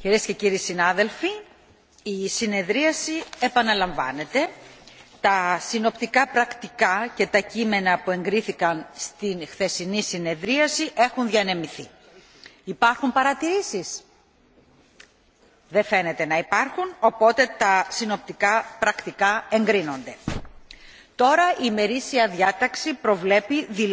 Κυρίες και κύριοι συνάδελφοι, η συνεδρίαση επαναλαμβάνεται. Τα συνοπτικά πρακτικά και τα κείμενα που εγκρίθηκαν στην χθεσινή συνεδρίαση έχουν διανεμηθεί. Υπάρχουν παρατηρήσεις? Δεν φαίνεται να υπάρχουν, οπότε τα συνοπτικά πρακτικά εγκρίνονται. Τώρα η ημερήσια διάταξη προβλέπει δηλώσεις